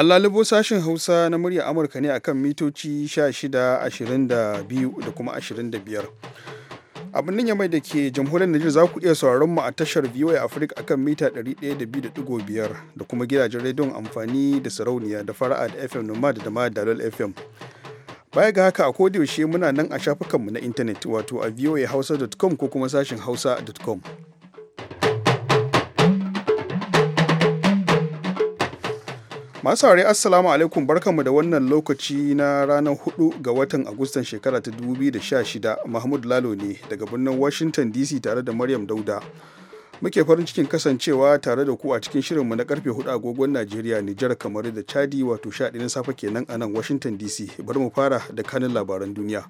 An sashin Hausa na murya Amurka ne akan mitoci 16, 22 da kuma 25. abin nan mai da ke jamhuriyar Nijar za ku iya sauraron mu a tashar VOA Africa akan mita 102.5 da kuma gidajen rediyon amfani da sarauniya da fara'a da FM Nomad da ma Dalol FM. Baya ga haka a yaushe muna nan a shafukanmu na intanet wato a voahausa.com ko kuma sashin hausa.com. Masu aure Assalamu alaikum barkanmu da wannan lokaci na ranar 4 ga watan Agustan shekara ta 2016 Mahmud Lalo ne daga birnin Washington DC tare da Maryam Dauda. Muke farin cikin kasancewa tare da ku a cikin shirinmu na karfe 4 agogon Najeriya, Nijar kamar da Chadi wato 11 na safe kenan a nan Washington DC. Bari mu fara da kanin labaran duniya.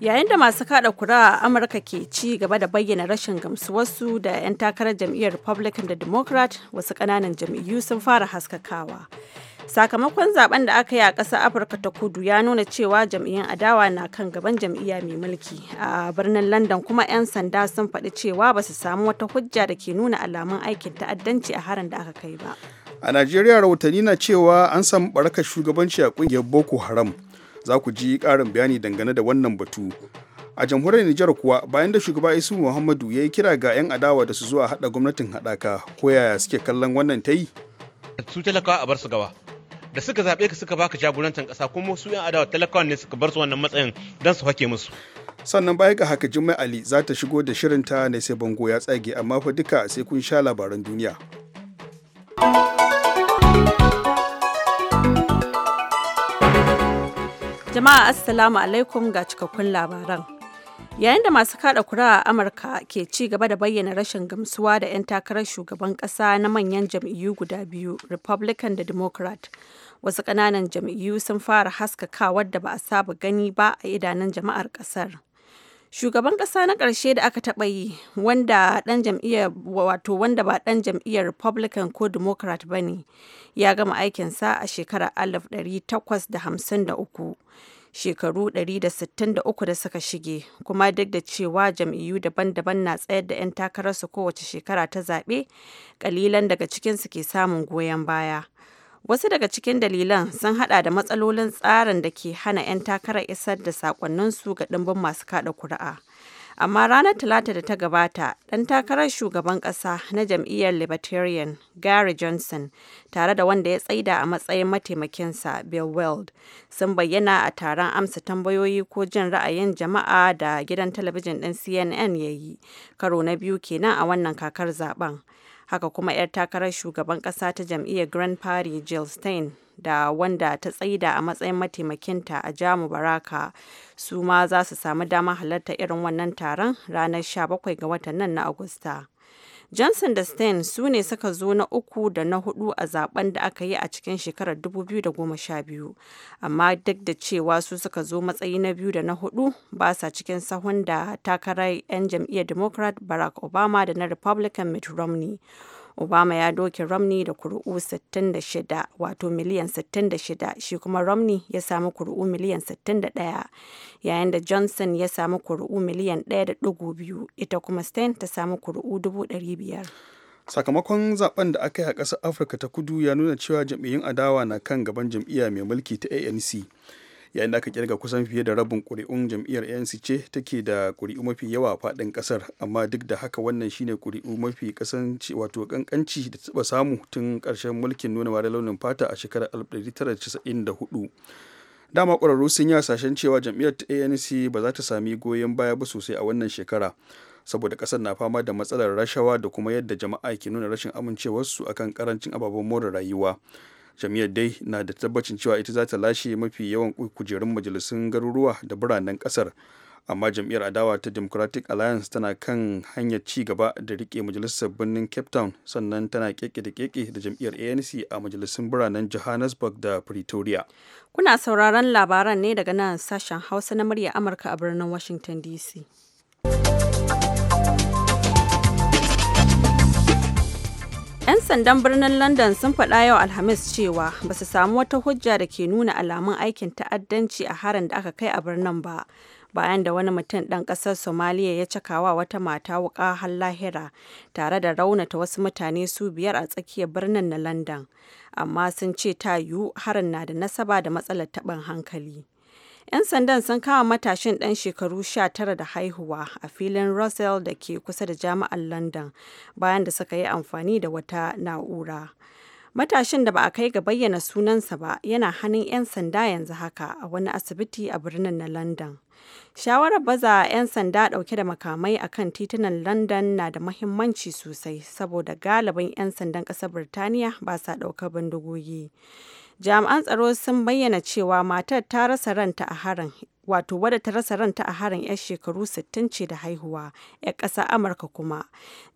yayin da masu kada kura a amurka ke ci gaba da bayyana rashin gamsuwarsu da 'yan takarar jam'iyyar republican da democrat wasu kananan jam'iyyu sun fara haskakawa sakamakon zaben da aka yi a ƙasar afirka ta kudu ya nuna cewa jam'iyyun adawa na kan gaban jam'iyya mai mulki a birnin london kuma 'yan sanda sun faɗi cewa ba su samu wata hujja da ke nuna alamun aikin ta'addanci a harin da aka kai ba a najeriya rahotanni na cewa an samu barakar shugabanci a ƙungiyar boko haram za ku ji ƙarin bayani dangane da wannan batu a jamhuriyar Nijar kuwa bayan da shugaba Isu Muhammadu ya yi kira ga 'yan adawa da su zuwa haɗa gwamnatin haɗaka ko yaya suke kallon wannan ta yi? Su talakawa a bar su gaba. Da suka zaɓe ka suka baka jagorantar ƙasa kuma su 'yan adawa talakawa ne suka bar su wannan matsayin don su hake musu. Sannan baya ga haka Jummai Ali za ta shigo da shirinta ne sai bango ya tsage amma fa duka sai kun sha labaran duniya. Jama'a Assalamu alaikum ga cikakkun labaran. Yayin da masu kada kura a Amurka ke ci gaba da bayyana rashin gamsuwa da 'yan takarar shugaban ƙasa na manyan jam'iyyu guda biyu, Republican da Democrat. Wasu ƙananan jam'iyyu sun fara haskakawar da ba a saba gani ba a idanun jama'ar ƙasar. shugaban ƙasa na ƙarshe da aka taɓa yi wanda wato wanda ba ɗan jam'iyyar republican ko democrat ba ne ya gama aikinsa a shekarar 1853 shekaru 163 da suka shige kuma duk da cewa jam'iyyu daban-daban na tsayar da 'yan takararsu kowace shekara ta zaɓe ƙalilan daga cikinsu ke samun goyon baya wasu daga cikin dalilan sun hada da matsalolin tsarin da ke hana 'yan takarar isar da sakonninsu ga ɗimbin masu kada kuri'a amma ranar talata da ta gabata 'dan takarar shugaban ƙasa na jam'iyyar libertarian gary johnson tare da wanda ya tsaida a matsayin mataimakinsa bill weld sun bayyana a taron amsa tambayoyi ko jin ra'ayin jama'a da gidan talabijin ɗin cnn ya yi karo na biyu kenan a wannan kakar zaben haka kuma 'yar takarar shugaban ƙasa ta jam'iyyar grand party jill stein da wanda ta tsaida a matsayin mataimakinta a Jamu Baraka su ma za su samu damar halarta irin wannan taron ranar 17 ga watan nan na Agusta. Johnson da Stein su ne suka zo na uku da na hudu a zaben da aka yi a cikin shekarar 2012, amma duk da cewa su suka zo matsayi na biyu da na hudu ba sa cikin sahun da takarar 'yan jam'iyyar Democrat Barack Obama da na Republican Mitt Romney. obama ya doke romney da kuri'u 66 wato miliyan 66 shi kuma romney ya samu kuri'u miliyan 61 yayin da johnson ya samu kuri'u miliyan 1.2 ita kuma stein ta samu kuri'u 500 sakamakon zaben da aka yi a ƙasar afirka ta kudu ya nuna cewa jam'iyyun adawa na kan gaban jam'iyya mai mulki ta anc yayin da aka kirga kusan fiye da rabin ƙuri'un jam'iyyar anc ce take da ƙuri'u mafi yawa a faɗin kasar amma duk da haka wannan shine kuri'u mafi kasance wato kankanci da taɓa samu tun karshen mulkin nuna wari launin fata a shekarar 1994 dama ƙwararru sun yi hasashen cewa jam'iyyar ta anc ba za ta sami goyon baya ba sosai a wannan shekara saboda ƙasar na fama da matsalar rashawa da kuma yadda jama'a ke nuna rashin amincewarsu akan karancin ababen more rayuwa jam'iyyar dai na da tabbacin cewa ita za ta lashe mafi yawan kujerun majalisun garuruwa da biranen kasar amma jam'iyyar adawa ta democratic alliance tana kan hanyar ci gaba da rike majalisar birnin cape town sannan tana keke da keke da jam'iyyar anc a majalisun biranen johannesburg da pretoria kuna sauraron labaran ne daga nan sashen hausa na murya amurka a birnin washington dc 'Yan sandan birnin London sun faɗa yau Alhamis cewa ba su samu wata hujja da ke nuna alamun aikin ta'addanci a harin da aka kai a birnin ba, bayan da wani mutum ɗan ƙasar Somaliya ya cakawa wata mata wuƙa har lahira tare da raunata wasu mutane su biyar a tsakiyar birnin na London, amma sun ce ta yiwu harin na da nasaba da matsalar taɓin hankali. 'Yan sandan sun kama matashin ɗan shekaru 19 da haihuwa a filin Russell da ke kusa da jami'ar London bayan da suka yi amfani da wata na'ura. Matashin da ba a kai ga bayyana sunansa ba yana hannun 'yan sanda yanzu haka a wani asibiti a birnin na London. Shawarar baza 'yan sanda ɗauke da makamai a kan titunan London na da mahimmanci sosai saboda galibin 'yan sandan ƙasar Birtaniya ba sa ɗaukar bindigogi. Jami'an tsaro sun bayyana cewa matar ta rasa ranta a harin, wato wadda ta rasa ranta a harin 'yar shekaru 60 ce da haihuwa 'yar ƙasa amurka kuma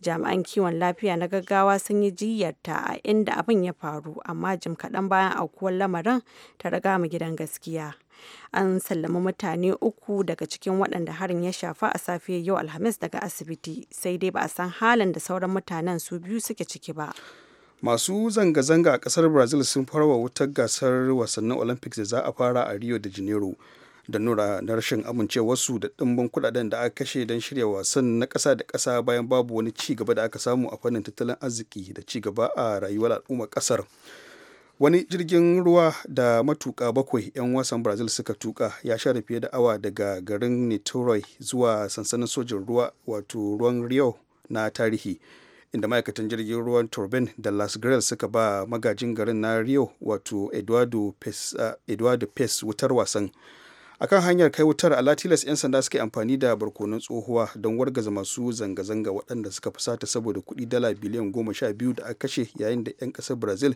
jami'an kiwon lafiya na gaggawa sun yi jiyyarta a inda abin ya faru amma jim kaɗan bayan aukuwar lamarin ta riga mu gidan gaskiya an sallami mutane uku daga cikin waɗanda harin ya shafa a safiyar yau alhamis daga asibiti sai dai ba a san halin da sauran mutanen su biyu suke ciki ba masu zanga-zanga a kasar brazil sun farawa wutar gasar wasannin olympics da za a fara a rio de janeiro da nura na rashin amincewarsu da ɗimbin kudaden da aka kashe don shirya wasan na ƙasa da ƙasa bayan babu wani ci gaba da aka samu a fannin tattalin arziki da ci gaba a rayuwar al'ummar kasar wani jirgin ruwa da matuka bakwai 'yan wasan brazil suka tuka ya share fiye da awa daga garin nitoroi zuwa sansanin sojin ruwa wato ruwan rio na tarihi inda ma'aikatan jirgin ruwan turbin da las grill suka ba magajin garin na rio wato eduardo pes uh, wutar wasan akan hanyar kai wutar a latilas 'yan sanda suka amfani da barkonon tsohuwa don wargaza masu zanga-zanga waɗanda suka fusata saboda kuɗi dala biliyan goma sha biyu da aka kashe yayin da 'yan ƙasar brazil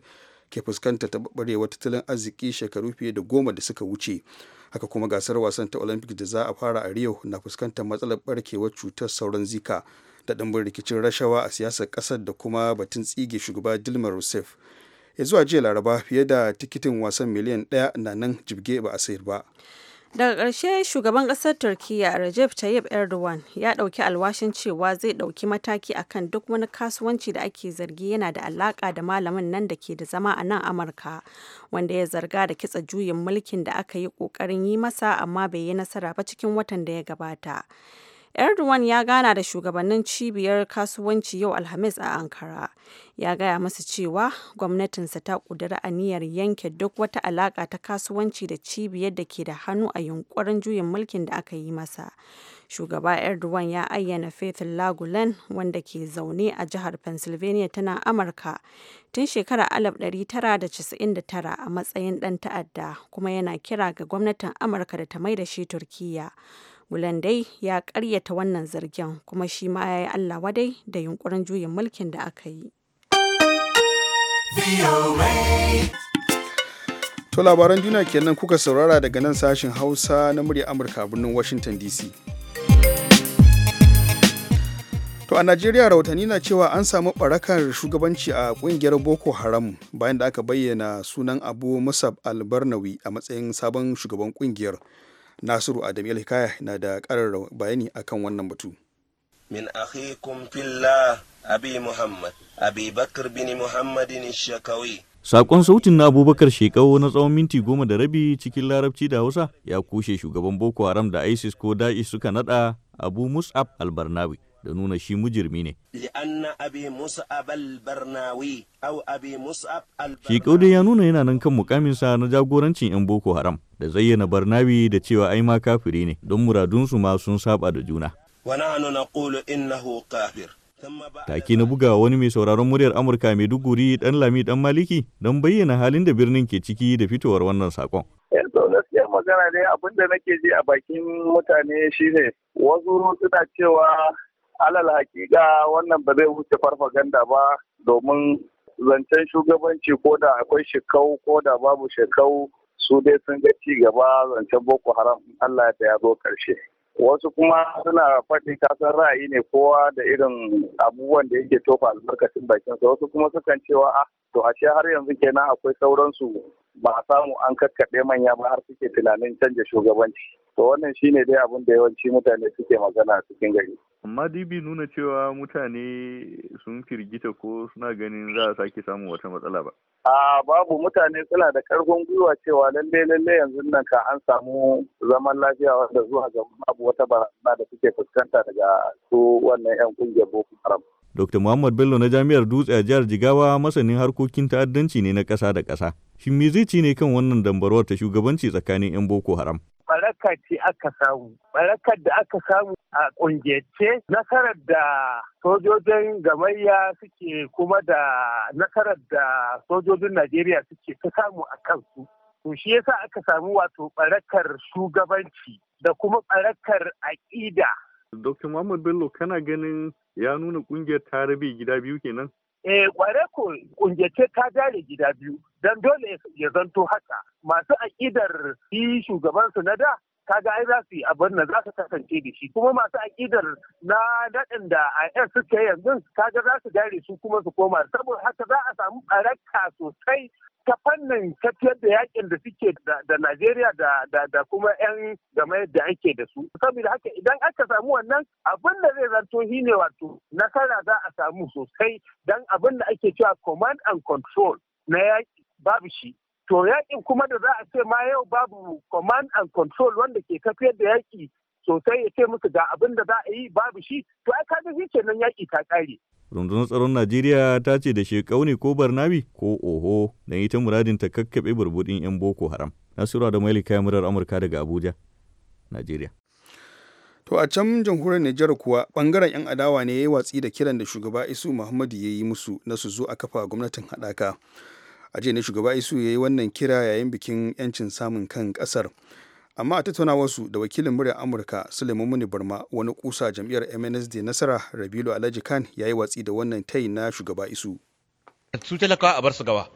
ke fuskanta taɓaɓarewa tattalin arziki shekaru fiye da goma da suka wuce haka kuma gasar wasan ta olympic da za a fara a rio na fuskantar matsalar ɓarkewar cutar sauran zika da ɗimbin rikicin rashawa a siyasar ƙasar da kuma batun tsige shugaba dilma rousseff ya zuwa jiya laraba fiye da tikitin wasan miliyan ɗaya na nan jibge ba a sayar ba daga ƙarshe shugaban ƙasar turkiyya recep tayyip erdogan ya ɗauki alwashin cewa zai ɗauki mataki akan duk wani kasuwanci da ake zargi yana da alaƙa da malamin nan da ke da zama a nan amurka wanda ya zarga da kitsa juyin mulkin da aka yi ƙoƙarin yi masa amma bai yi nasara ba cikin watan da ya gabata Erdogan ya gana da shugabannin cibiyar kasuwanci yau Alhamis a Ankara. Ya gaya masu cewa gwamnatinsa ta ƙudiri aniyar yanke duk wata alaƙa ta kasuwanci da cibiyar da ke da hannu a yunkurin juyin mulkin da aka yi masa. Shugaba Erdogan ya ayyana Fethullah lagulan wanda ke zaune a jihar Pennsylvania tana Amurka tun shekarar 1999 a matsayin ɗan ta'adda kuma yana kira ga gwamnatin Amurka da ta mai da shi Turkiyya. Gulen ya karyata wannan zargin kuma shi ma ya yi Allah wadai da yunkurin juyin mulkin da aka yi. To labaran duniya kenan kuka saurara daga nan sashin Hausa na murya Amurka birnin Washington DC. To a Najeriya rahotanni na cewa an samu barakar shugabanci a kungiyar Boko Haram bayan da aka bayyana sunan Abu Musab Albarnawi a matsayin sabon shugaban kungiyar. nasiru adam hikaya na da karar bayani akan wannan batu min akhikum fillah abi muhammad abi bakr bin muhammadin shakawi Sakon sautin na Abubakar Shekau na tsawon minti goma da rabi cikin larabci da Hausa ya kushe shugaban Boko Haram da ISIS ko Da'is suka nada Abu Mus'ab al-Barnawi da nuna shi mujirmi ne. Shekau dai ya nuna yana nan kan mukaminsa na jagorancin 'yan Boko Haram da zayyana Barnabi da cewa ai ma kafiri ne don muradunsu ma sun saba da juna. Take na buga wani mai sauraron muryar Amurka mai duguri dan Lami dan Maliki don bayyana halin da birnin ke ciki da fitowar wannan sakon. Eh, gaskiyar magana ne abin da nake ji a bakin mutane shine wasu suna cewa alal hakika wannan ba zai wuce farfaganda ba domin zancen shugabanci ko da akwai shekau ko da babu shekau su dai sun ga ci gaba zancen boko haram allah ya ya zo karshe wasu kuma suna faɗi kasan ra'ayi ne kowa da irin abubuwan da yake tofa albarkacin bakinsa wasu kuma sukan cewa a ah, to ashe har yanzu kenan akwai sauransu ba a samu an kakkaɗe manya ba har suke tunanin canja shugabanci to wannan shine dai abin da yawanci mutane suke magana a cikin gari amma dibi nuna cewa mutane sun firgita ko suna ganin za a sake samun wata matsala ba a babu mutane suna da karfin gwiwa cewa lalle lalle yanzu nan ka an samu zaman lafiya wanda zuwa ga abu wata barazana da suke fuskanta daga su wannan yan kungiyar boko haram Dr. Muhammad Bello na Jami'ar Dutse a jihar Jigawa masanin harkokin ta'addanci ne na ƙasa da ƙasa. Shin me zai ci ne kan wannan dambarwar ta shugabanci tsakanin 'yan Boko Haram? baraka ce aka samu barakar da aka samu a ƙungiyarce nasarar da sojojin gamayya suke kuma da nasarar da sojojin najeriya suke ta samu a kansu to shi yasa aka samu wato barakar shugabanci da kuma barakar aƙida Dr. Muhammad Bello kana ganin ya nuna ƙungiyar ta rabe gida biyu kenan? Eh, kware ko ƙungiyar ta jare gida biyu. don dole ya zanto haka masu aƙidar yi shugabansu na da kaga ai za su yi abin nan za su kasance da shi kuma masu aƙidar na daɗin da a yan suka yi yanzu kaga za su gare su kuma su koma saboda haka za a samu ɓaraka sosai ta fannin tafiyar da yakin da suke da Najeriya da kuma 'yan game da ake da su. Saboda haka idan aka samu wannan abin da zai zanto shi ne wato nasara za a samu sosai don abin da ake cewa command and control na yaƙi babu shi to yakin kuma da za a ce ma yau babu command and control wanda ke tafiyar da yaki sosai ya ce musu ga abin da za a yi babu shi to ai kaga shi kenan yaki ta kare rundunar tsaron najeriya ta ce da shekau ne ko barnabi ko oho da ita muradin ta kakkaɓe burbudin 'yan boko haram nasura da mailika murar amurka daga abuja najeriya to a can jamhuriyar nijar kuwa bangaren 'yan adawa ne ya yi watsi da kiran da shugaba isu muhammadu ya yi musu na su zo a kafa gwamnatin haɗaka a jiya ne shugaba isu ya yi wannan kira yayin bikin 'yancin samun kan kasar amma a wasu da wakilin muryar amurka suleiman muni barma wani kusa jam'iyyar mnsd nasara rabilu alhaji khan ya yi watsi da wannan tai na shugaba isu su talakawa a bar su gawa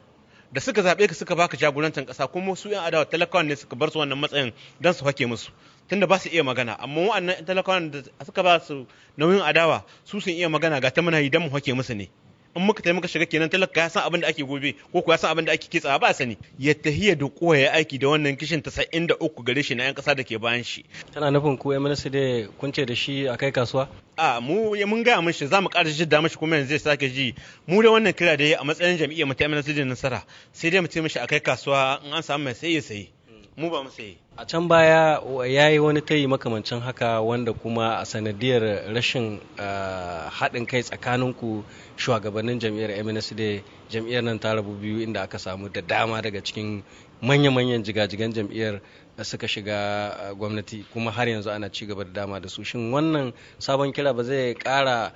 da suka zaɓe ka suka baka jagorancin ƙasa kuma su 'yan adawa talakawan ne suka bar su wannan matsayin don su hake musu tunda ba su iya magana amma wa'annan talakawan da suka ba su nauyin adawa su sun iya magana ga ta muna yi don mu hake musu ne in muka taimaka muka shiga kenan talaka ya san abin da ake gobe ko ko ya san abin da ake kitsa ba sani ya tahiya da koya aiki da wannan kishin 93 gare shi na yan kasa da ke bayan shi tana nufin ku MNC da kun ce da shi a kai kasuwa a mu mun gaya mishi za mu ƙara da mishi kuma yanzu zai sake ji mu da wannan kira da a matsayin jam'iyyar mu ta su da nasara sai dai mu ce mishi a kai kasuwa in an samu mai sai ya sayi mu ba mu a can baya ya yi wani tayi makamancin haka wanda kuma a sanadiyar rashin ah, haɗin kai tsakaninku shugabannin jam'iyyar da jam'iyyar nan ta rabu biyu inda aka samu da dama daga cikin manya-manyan jigajigan jam'iyyar suka shiga ah, gwamnati kuma har yanzu ana ci gaba da dama da su shin wannan sabon kira ba zai ƙara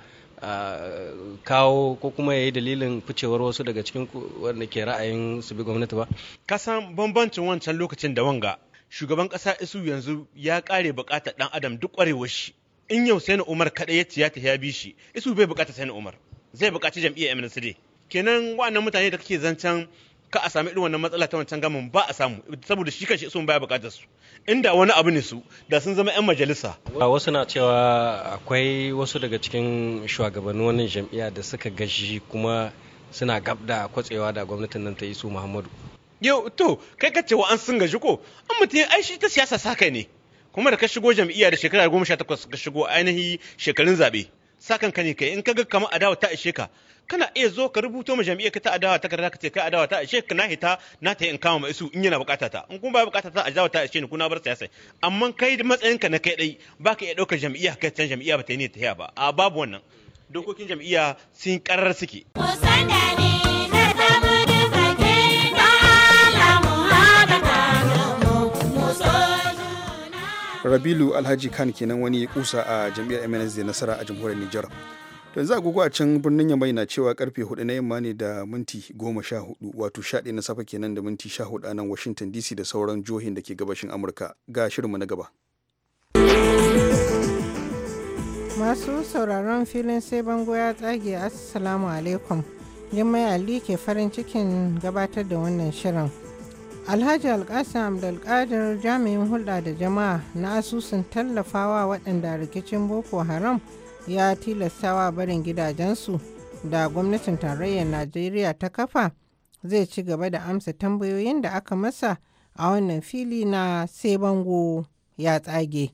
kawo ko kuma ya yi dalilin ficewar wasu daga cikin wanda ke ra'ayin su bi gwamnati ba kasan bambancin wancan lokacin da wanga shugaban kasa isu yanzu ya kare bukatar dan adam duk kwarewar shi in yau sai umar kada ya ciya ta ya bi shi isu bai bukata sai umar zai bukaci jam'iyyar MNCD kenan wa'annan mutane da kake zancen ka a sami irin wannan matsala ta wancan gamin ba a samu saboda shi kanshi sun baya bukatar su inda wani abu ne su da sun zama yan majalisa wasu na cewa akwai wasu daga cikin shugabannin wannan jam'iyya da suka gashi kuma suna gab da kwatsewa da gwamnatin nan ta isu muhammadu yau to kai ka cewa an sun gaji ko an mutum ai shi ta siyasa saka ne kuma da ka shigo jam'iyya da shekara goma sha takwas ka shigo ainihin shekarun zaɓe sakan ka ne kai in ka ga kamar adawa ta ishe ka kana iya zo ka rubuto ma jami'a ka ta adawa ta karata ka ce ka adawa ta ashe ka na hita na ta in kama isu in yana bukata ta in kuma ba bukata ta adawa ta ashe ni kuna bar siyasa amma kai ka na kai dai baka iya daukar jami'a ka can jami'a ba ta ne ta ba a babu wannan dokokin jami'a sun karar suke Rabilu Alhaji Khan kenan wani kusa a jami'ar MNSD da nasara a jamhuriyar Nijar. don za a can birnin yamai na cewa karfe 4 na yamma ne da minti 14 wato 11 na safe kenan da minti 14 a nan washington dc da sauran jihohin da ke gabashin amurka ga shirinmu na gaba masu sauraron filin sai bango ya tsage assalamu alaikum jimai ali ke farin cikin gabatar da wannan shirin alhaji alkasa abdulkadir jami'in hulɗa da jama'a na asusun tallafawa waɗanda rikicin boko haram ya tilastawa barin gidajensu da gwamnatin tarayyar najeriya ta kafa zai ci gaba da amsa tambayoyin da aka masa a wannan fili na sai bango ya tsage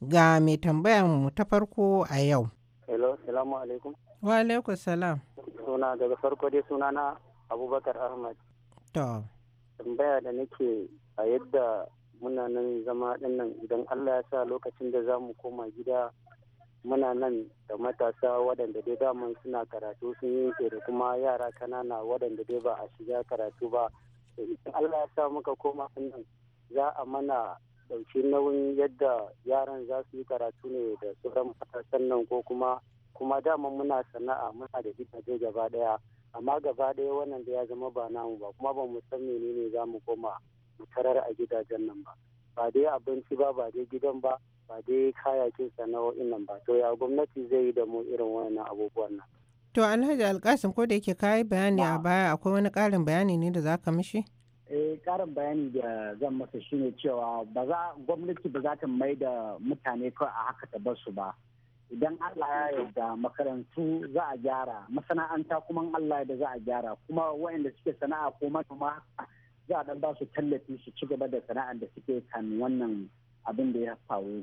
ga mai tambayar mu ta farko a yau hello salamu salam suna daga farko dai suna na abubakar ahmad to tambaya da nake a yadda muna nan zama dinnan idan allah ya sa lokacin da za mu koma gida muna nan da matasa waɗanda dai daman suna karatu sun yanke da kuma yara kanana waɗanda dai ba a shiga karatu ba Allah ya sa muka koma nan za a mana ɗauki nauyin yadda yaran za su yi karatu ne da sauran matasan nan ko kuma kuma dama muna sana'a muna da gidaje gaba ɗaya amma gaba ɗaya wannan da ya zama ba namu ba kuma ba mu san menene za mu koma mu tarar a gidajen nan ba ba dai abinci ba ba dai gidan ba ba dai kayakin sana'o'in nan ba to ya gwamnati zai yi da mu irin wannan abubuwan nan to alhaji alkasim ko da yake kayi bayani a baya akwai wani karin bayani ne da za ka mishi eh karin bayani da zan masa shine cewa ba za gwamnati ba za ta mai da mutane kawai a haka ta basu ba idan Allah ya yarda makarantu za a gyara masana'anta kuma Allah da za a gyara kuma waɗanda suke sana'a ko manoma za a dan ba su tallafi su ci gaba da sana'ar da suke kan wannan abin da ya faru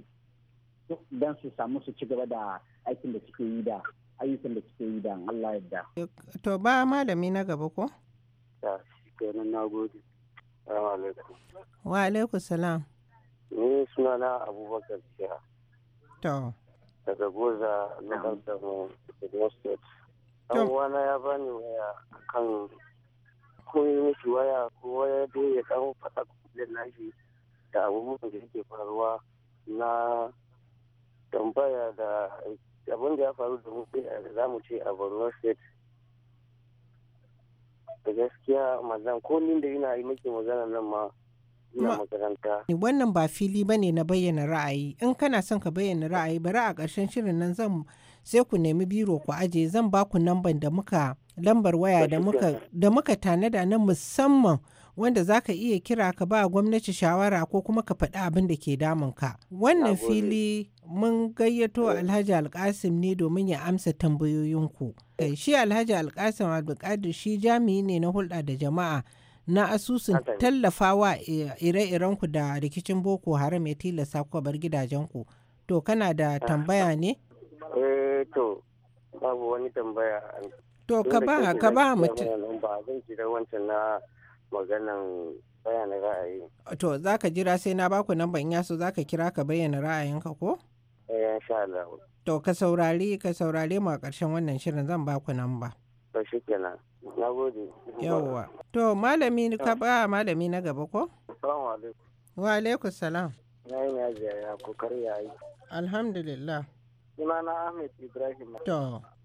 don su samu su ci gaba da aikin da suke yi da ayyukan da suke yi da Allah yadda. To ba malami na gaba ko? Ya, kenan na gode. Wa alaikum salam. Ni suna na Abubakar Siya. To. Daga Goza na Kantar Borno State. Abuwana ya bani waya kan ko yi mishi waya ko waya dai ya kawo faɗa kuɗin nashi da abubuwan da yake faruwa na tambaya da abin da ya faru da mu eh, za mu ce a borno state da gaskiya mazan ko da ina yi maki magana nan ma ina makaranta eh, wannan ba fili ba ne na bayyana ra'ayi in kana son ka bayyana ra'ayi bari a ƙarshen shirin nan zan sai ku nemi biro ku aje zan ba ku lambar da muka lambar waya da muka tanada na musamman wanda za ka iya kira ka ba gwamnati shawara ko kuma ka faɗi abin da ke ka. Wannan fili mun gayyato eh. Alhaji Alkasim ne domin ya amsa tambayoyinku. Eh, shi Alhaji Alkasim Abdulkadir shi jami'i ne na hulɗa da jama'a na asusun tallafawa ire-irenku da rikicin Boko Haram ya tilasta ku bar gidajenku. To kana da ah. tambaya ne? Eh, Eh, to babu wani tambaya. To ka ba ka ba mutum. Ba zan jira wancan na maganan bayanin ra'ayi. To za ka jira sai na baku nan ban yaso za ka kira ka bayyana ra'ayinka ko? Eh insha Allah. To ka saurari ka saurare mu a ƙarshen wannan shirin zan baku nan ba. To shikenan. Na gode. Yawwa. To malami ka ba malami na gaba ko? Assalamu alaikum. Wa alaikum salam. Na yi na ziyara ko karya yi. Alhamdulillah. sunana ahmed ibrahim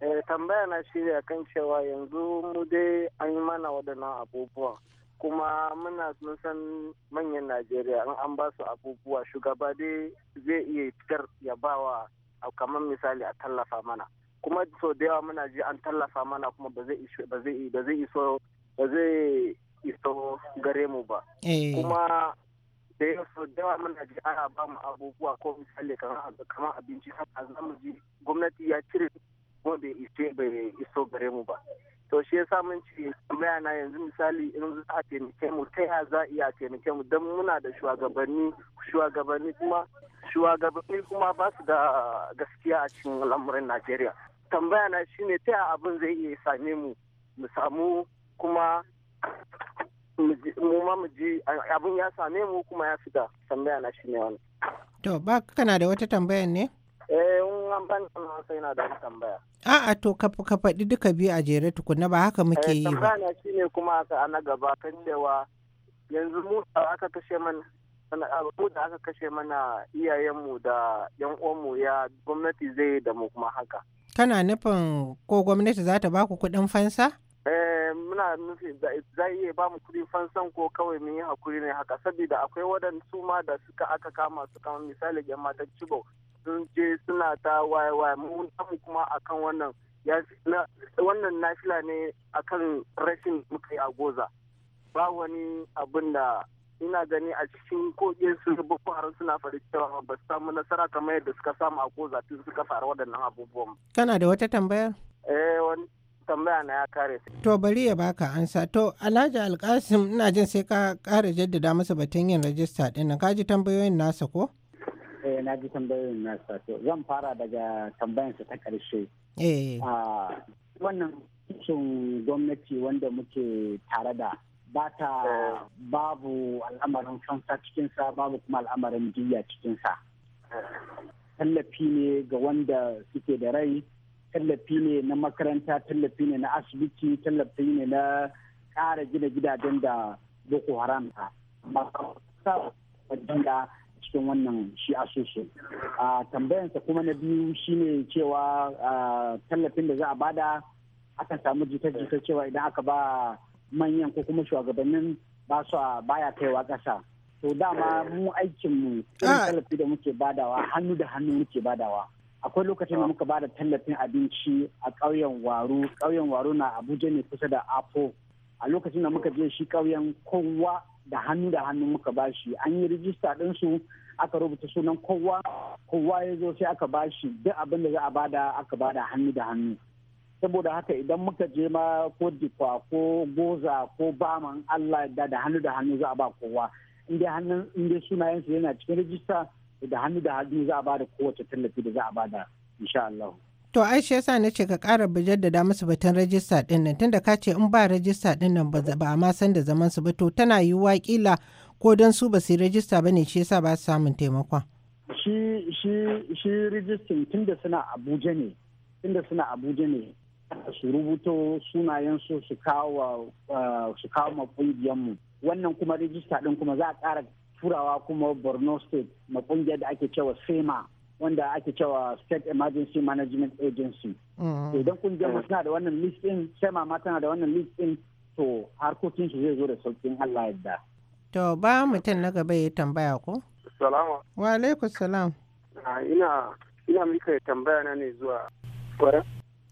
eh, tambaya na shi shirya kan cewa yanzu mu dai an yi mana waɗannan abubuwa kuma muna sun san manyan najeriya in an ba su abubuwa shugaba dai zai iya fitar ya bawa kamar misali a tallafa mana kuma so da yawa muna ji an tallafa mana kuma ba iso ba zai iso gare mu ba eh. kuma da yau sau da yawa muna ji ana ba mu abubuwa ko misali kamar abinci haka za mu ji gwamnati ya cire kuma bai ishe bai iso gare mu ba to shi yasa mun ce tambaya yanzu misali in za a taimake mu ta ya za iya taimake mu don muna da shugabanni shugabanni kuma shugabanni kuma ba su da gaskiya a cikin lamarin Najeriya tambaya na shine ta abin zai iya same mu mu samu kuma mu ma mu ji abin ya same mu kuma ya fita tambaya na shi ne wani. To ba kana da wata tambaya ne? Eh in an ban sai na da wata tambaya. A'a to ka faɗi duka biyu a jere tukunna ba haka muke eh, yi ba. Tambaya na shi ne kuma a na gaba kan cewa yanzu mu da aka kashe mana mu da aka kashe mana iyayenmu da yan uwanmu ya gwamnati zai da mu kuma haka. Kana nufin ko gwamnati za ta baku kuɗin fansa? Eh, muna nufi za iya ba mu kuɗi fansan ko kawai mun yi hakuri ne haka saboda akwai waɗansu ma da suka aka kama su kama misali yan matan cibo sun je suna ta waye waye mun samu kuma akan wannan wannan nafila ne akan rashin muka yi a goza ba wani abin da ina gani a cikin kogin su boko haram suna faɗi cewa ba su samu nasara kamar yadda suka samu a goza tun suka faru waɗannan abubuwan. kana da wata tambaya? eh wani tambaya na ya kare su. To bari ya baka ansa. To Alhaji Alkasim ina jin sai ka ƙara jaddada masa batun yin rajista din nan. Ka ji tambayoyin nasa ko? Eh na ji tambayoyin nasa. To zan fara daga tambayansa ta karshe. Eh. Ah, wannan sun gwamnati wanda muke tare da ba ta babu al'amarin fansa cikinsa babu kuma al'amarin jiya cikinsa. Tallafi ne ga wanda suke da rai tallafi ne na makaranta tallafi ne na asibiti tallafi ne na ƙara gina gidajen da boko haram ta wajen da cikin wannan shi asusu a tambayansa kuma na biyu shine cewa tallafin da za a bada aka samu jita-jita cewa idan aka ba manyan ko kuma shugabannin ba su baya kaiwa ƙasa to dama mu aikinmu ah. tallafi da muke badawa hannu da hannu muke badawa akwai lokacin da ah. muka ba da tallafin abinci a ƙauyen waru ƙauyen waru na abuja ne kusa da apo a lokacin da muka je shi ƙauyen kowa da hannu da hannu muka ba shi an yi rijista ɗinsu aka rubuta sunan kowa kowa ya zo sai aka ba shi duk abin da za a bada aka bada hannu da hannu saboda haka idan muka je ma ko dikwa ko goza ko baman allah da da hannu da hannu za a ba kowa inda hannun inda sunayensu yana cikin rijista da hannu da hannu za a bada kowace tallafi da za a bada insha Allah. To Aisha yasa na ce ka ƙara da musu batun rajista din nan tunda ka ce in ba rajista din nan ba a ma san da zaman su ba to tana yiwuwa kila ko don su ba su rajista ba ne shi yasa ba su samun taimakon. Shi shi shi rajistin tunda suna Abuja ne tunda suna Abuja ne su rubuto sunayen su su kawo eh, su kawo ma mu wannan kuma rajista din kuma za a ƙara turawa kuma borno state na kungiyar da ake cewa sema wanda ake cewa state emergency management agency mm-hmm. idan kungiyar mu suna da wannan list din sema ma tana da wannan list din to harkokin su zai zo da saukin Allah yadda to ba mutum na gaba ya tambaya ko salama wa alaikum salam ah, ina ina mika tambaya na ne zuwa kwara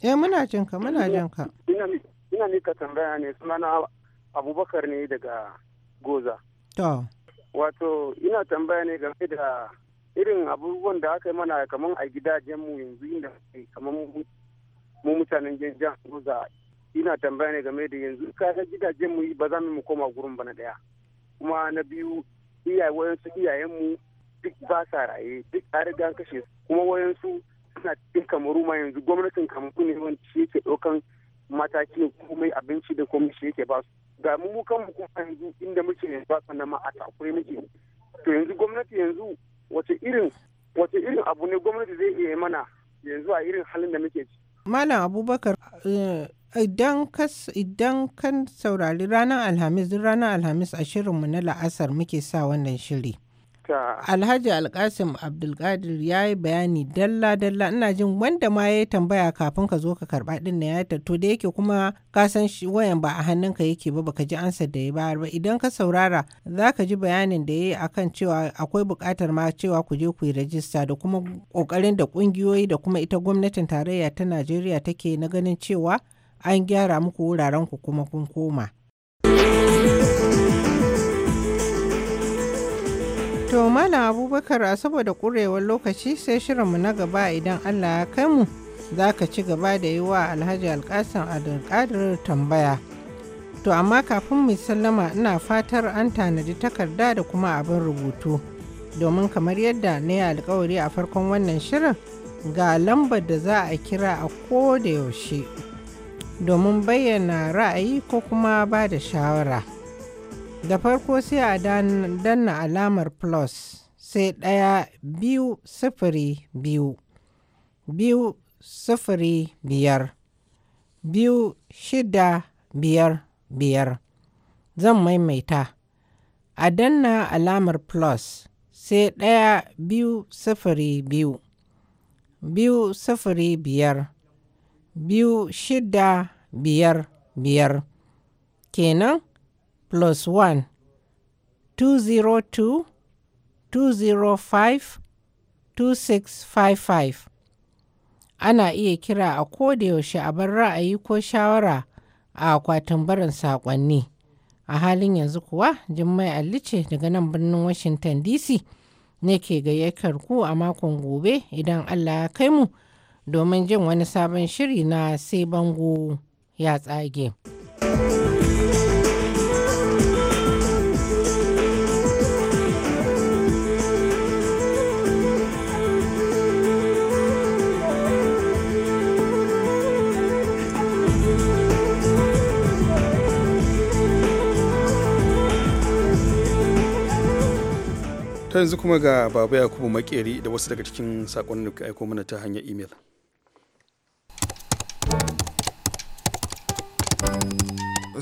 eh muna jin ka muna jin ka ina ina mika tambaya ne sunana abubakar ne daga goza to wato ina tambaya ne game da irin abubuwan da aka yi mana kamar a gidajenmu yanzu inda kamar mu mutanen jan ruza ina tambaya ne game da yanzu kaga gidajenmu ba za mu koma gurin ba na daya kuma na biyu iyaye wayansu iyayenmu duk ba sa raye duk a riga kashe kuma wayansu suna cikin kamaru ma yanzu gwamnatin kamaru ne wanda shi yake ɗaukan mataki komai abinci da komai shi yake ba su ga mu kanmu kuma yanzu inda muke ba su ma a takure muke to yanzu gwamnati yanzu wace irin wace irin abu ne gwamnati zai iya mana yanzu a irin halin da muke ci malam abubakar eh, idan ka idan kan saurari ranar alhamis duk ranar alhamis a shirin mu na la'asar muke sa wannan shiri Alhaji Alkasim Abdulkadir ya yi bayani dalla-dalla ina jin wanda ma ya yi tambaya kafin ka zo ka karɓa ɗin na ya to da yake kuma ka san shi wayan ba a hannunka yake ba baka ji ansa da ya bayar ba idan ka saurara za ka ji bayanin da ya yi akan cewa akwai bukatar ma cewa ku je ku yi rajista da kuma ƙoƙarin da ƙungiyoyi da kuma ita gwamnatin tarayya ta Najeriya take na ganin cewa an gyara muku wuraren ku kuma kun koma. To Malam Abubakar a saboda kurewar lokaci sai shirinmu na gaba idan Allah ya kai mu za ka ci gaba da yi wa Alhaji alkasan Abdulkadir tambaya. To amma kafin mu sallama ina fatar an tanadi takarda da kuma abin rubutu. Domin kamar yadda na yi alkawari a farkon wannan shirin ga lambar da za a kira a ko da yaushe. Domin bayyana ra'ayi ko kuma ba da shawara. Da farko sai a danna alamar plus sai ɗaya biyu sifiri biyu, biyu sifiri biyar, biyu shida biyar biyar. Zan maimaita. A danna alamar plus sai ɗaya biyu sifiri biyu, biyu sifiri biyar, biyu shida biyar biyar. Kenan plus 1 202 205 2655 ana iya kira a yaushe a bar ra'ayi ko shawara a akwatin barin saƙonni a halin yanzu kuwa jimmai allice daga nan birnin washington dc ne ke gayyatar ku a makon gobe idan allah ya kai mu domin jin wani sabon shiri na sai bango ya tsage. ta yanzu kuma ga baba yakubu makeri da wasu daga cikin sakonnin da aiko mana ta hanyar imel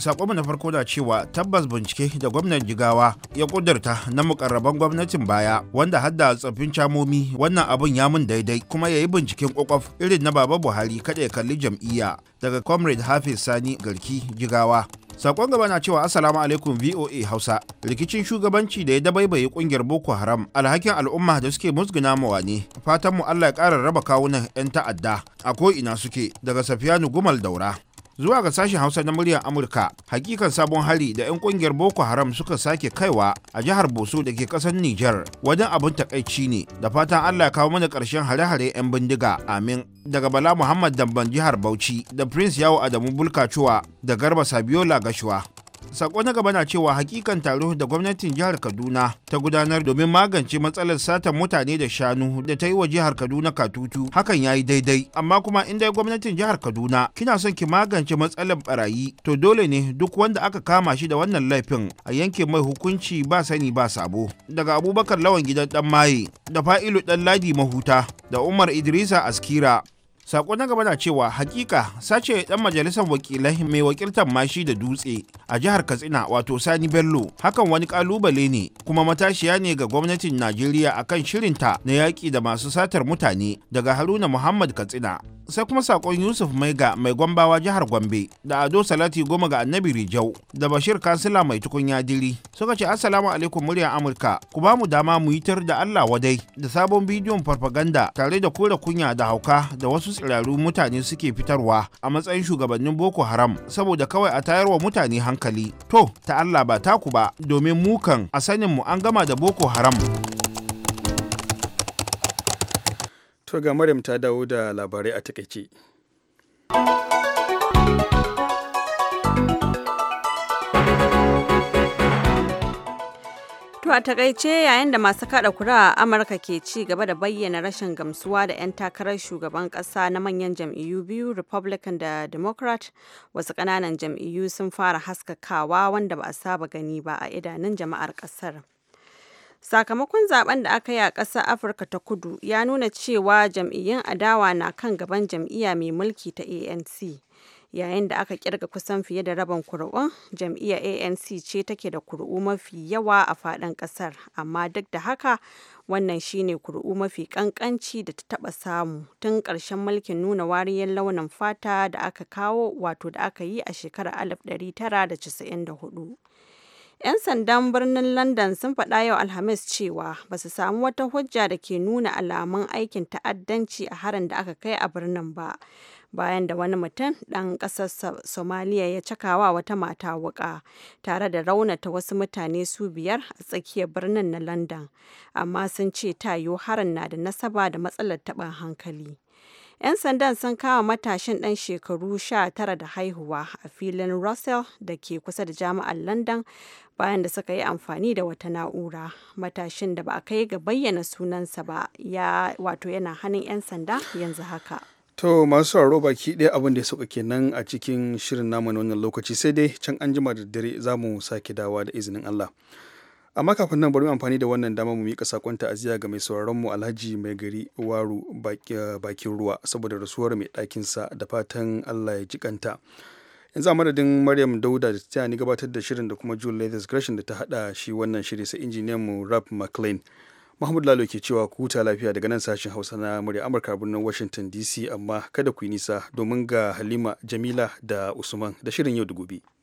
sakonmu na farko da cewa tabbas bincike da gwamnan jigawa ya kudurta na mukarraban gwamnatin baya wanda da tsoffin camomi wannan abun ya mun daidai kuma ya yi binciken kwakwaf irin na baba buhari kada ya kalli jam'iyya daga comrade hafiz sani garki jigawa sakon gaba na cewa assalamu alaikum voa hausa rikicin shugabanci da ya dabaibaye kungiyar boko haram alhakin al'umma da suke musguna mawa ne fatanmu allah ya ƙara raba kawunan 'yan ta'adda a ko ina suke daga safiyanu gumal daura zuwa ga sashen hausa na muryar amurka hakikan sabon hali da 'yan kungiyar boko haram suka sake kaiwa a jihar boso da ke ƙasar niger wajen abin takaici ne da fatan allah kawo mana ƙarshen hare-hare 'yan bindiga amin daga bala muhammad damban jihar bauchi da prince yawo adamu bulkacuwa da garba sabiola gashuwa sako na gaba na cewa hakikan taro da gwamnatin jihar kaduna ta gudanar domin magance matsalar satan mutane da shanu da ta yi wa jihar kaduna katutu hakan ya yi daidai amma kuma in dai gwamnatin jihar kaduna kina son ki magance matsalar barayi to dole ne duk wanda aka kama shi da wannan laifin a yanke mai hukunci ba sani ba sabo daga abubakar lawan gidan dan maye da fa'ilu dan ladi mahuta da umar idrisa askira sako na gaba na cewa hakika sace dan majalisar wakilai mai wakiltar mashi da dutse a jihar katsina wato sani bello hakan wani kalubale ne kuma matashiya ne ga gwamnatin najeriya akan shirinta na yaki da masu satar mutane daga haruna muhammad katsina sai kuma sakon yusuf maiga mai gwambawa jihar gombe da ado salati goma ga annabi rijau da bashir kansila mai tukunya diri suka ce asalamu alaikum murya amurka ku ba mu dama mu yitar da allah wadai da sabon bidiyon farfaganda tare da kore kunya da hauka da wasu tsirarru mutane suke fitarwa a matsayin shugabannin boko haram saboda kawai a tayar wa mutane hankali to ta allah ba taku ba domin mukan a sanin mu an gama da boko haram To ga Maryam ta dawo da labarai a takaice. To a takaice yayin da masu kada kura a Amurka ke ci gaba da bayyana rashin gamsuwa da 'yan takarar shugaban kasa na manyan jam'iyyu biyu Republican da Democrat wasu kananan jam'iyyu sun fara haskakawa wanda ba a saba gani ba a idanun jama'ar kasar. Sakamakon zaben da aka yi a ƙasar Afirka ta Kudu ya nuna cewa jam'iyyun adawa na kan gaban jam'iyya mai mulki ta ANC. Yayin da aka kirga kusan fiye da rabin kur'un, jam'iyyar ANC ce take da kuri'u mafi yawa a faɗin ƙasar, amma duk da haka wannan shine kuri'u mafi ƙanƙanci da ta taɓa samu tun ƙarshen mulkin nuna wariyar launin fata da aka kawo wato da aka yi a shekarar 1994. 'Yan sandan birnin London sun faɗa yau Alhamis cewa ba su sami wata hujja da ke nuna alamun aikin ta'addanci a harin da aka kai a birnin ba, bayan da wani mutum ɗan ƙasar Somaliya ya cakawa wata mata wuƙa, tare da raunata wasu mutane su biyar a tsakiyar birnin na London, amma sun ce ta yiwu harin na da nasaba da matsalar taɓin hankali. 'Yan sandan sun kama matashin ɗan shekaru 19 da haihuwa a filin Russell da ke kusa da jami'ar London bayan da suka yi amfani da wata na'ura. Matashin da ba a kai ga bayyana sunansa ba ya wato yana hannun 'yan sanda yanzu haka. To masu sauraro baki ɗaya abin da ya sauka kenan a cikin shirin namu na wannan lokaci sai dai can an jima da dare za mu sake dawa da izinin Allah. amma kafin nan bari amfani da wannan dama mu miƙa sakon ta'aziyya ga mai sauraron mu Alhaji Mai Gari Waru eh, bakin ruwa saboda rasuwar mai ɗakin sa da fatan Allah ya jikanta yanzu a madadin Maryam Dauda da ta ni gabatar da shirin da kuma Jule Leathers Gresham da ta hada shi wannan shiri sai injiniyan mu Rap McLean Mahmud Lalo ke cewa ku huta lafiya daga nan sashen Hausa na murya Amurka birnin Washington DC amma kada ku yi nisa domin ga Halima Jamila da Usman da shirin yau da gobe.